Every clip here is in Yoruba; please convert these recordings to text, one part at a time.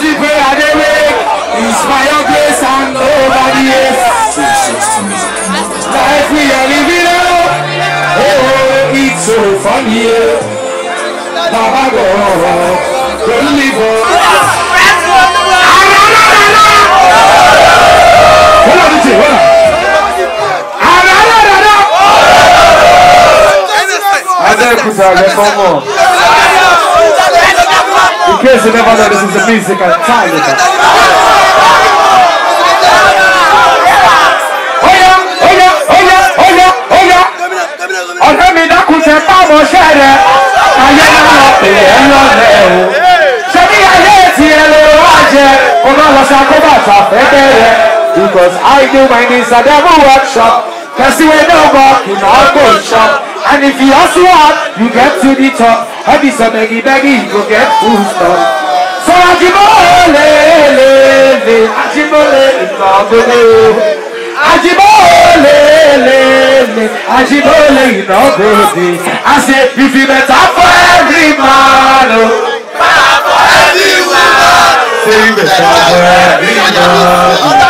Ojipe Adewale is by grace and over the Life we are living now, oh, it's so funny. Baba go, don't leave on, hold on. Adékúta lẹ́kọ̀ọ́ mọ̀. case you never know, this is the music of it. Oya, oya, oya, oya, oya. Ọ̀rẹ́ mi dákun ṣe báwọn ṣẹ́ rẹ̀. Ayé náà pè é Because I do my needs at every workshop. Kẹ̀síwé náà bọ̀ kìnnà ọgbọ̀n shop. And if you ask what, you get to the top. Ha vissza megint, megint roket húztam. Szalagyba lélélé, ácsiba lélélé, nagoló. Ácsiba lélélé, ácsiba lélélé, nagoló. I said, if you met up for every man, for every man, say you met up for every man.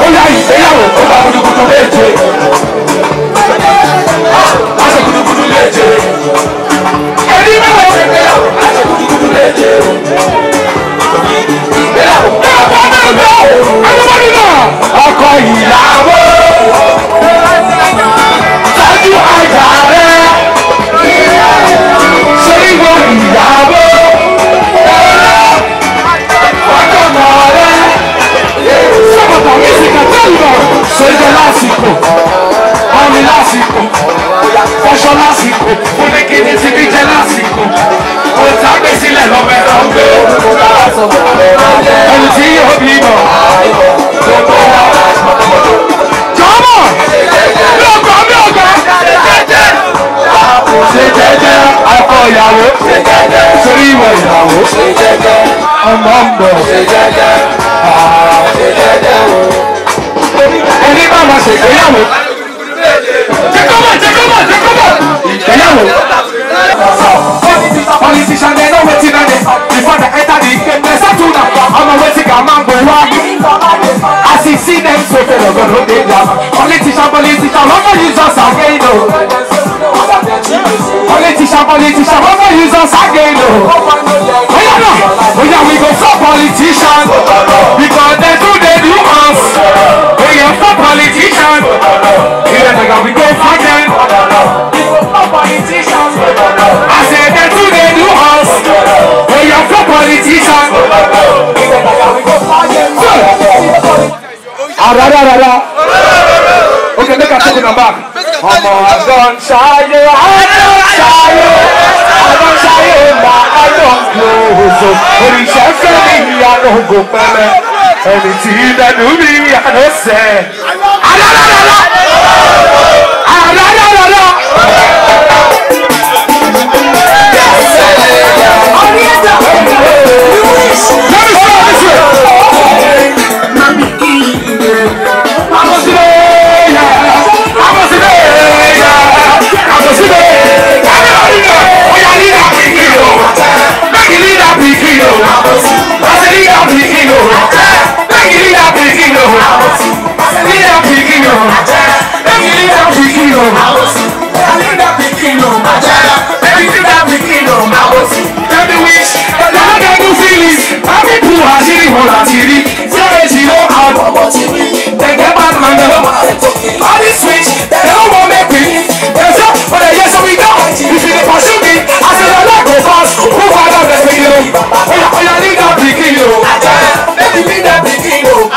Olha aí, bem alto, o barulho do colete. lásìkò ó ní kí ni ti bí jẹ lásìkò ó ta gbé sílẹ̀ lọ́bẹ̀ náà gbé ohun tí yóò bí mọ̀. jọ́mọ̀ mi ò gbọ́ mi ò gbọ́ ṣe jẹ́jẹ́ akọ ìyàwó sórí ìwọ ìyàwó ọmọ ń bọ̀ onígbàmọ̀ ṣègbéyàwó. so tell your God no dey down. Politician, politician, wọ́n fẹ́ use us again o. Politician, politician, wọ́n fẹ́ use us again o. Oya na, oya we go for politician because dem too dey do us. Oya for politician, ìrẹ̀ mega we go for dem. I say dem too dey do us. Oya for politician. Arararara. Okay, make I take it back. Ọmọ àdán ṣayé, àdán ṣayé, àdán ṣayé mà àdán gbòòzò. Òrìṣẹ́ fẹ́ mi ìyànà ògò pẹ́lẹ́, ẹni tí dẹnu mi ìyànà sẹ́.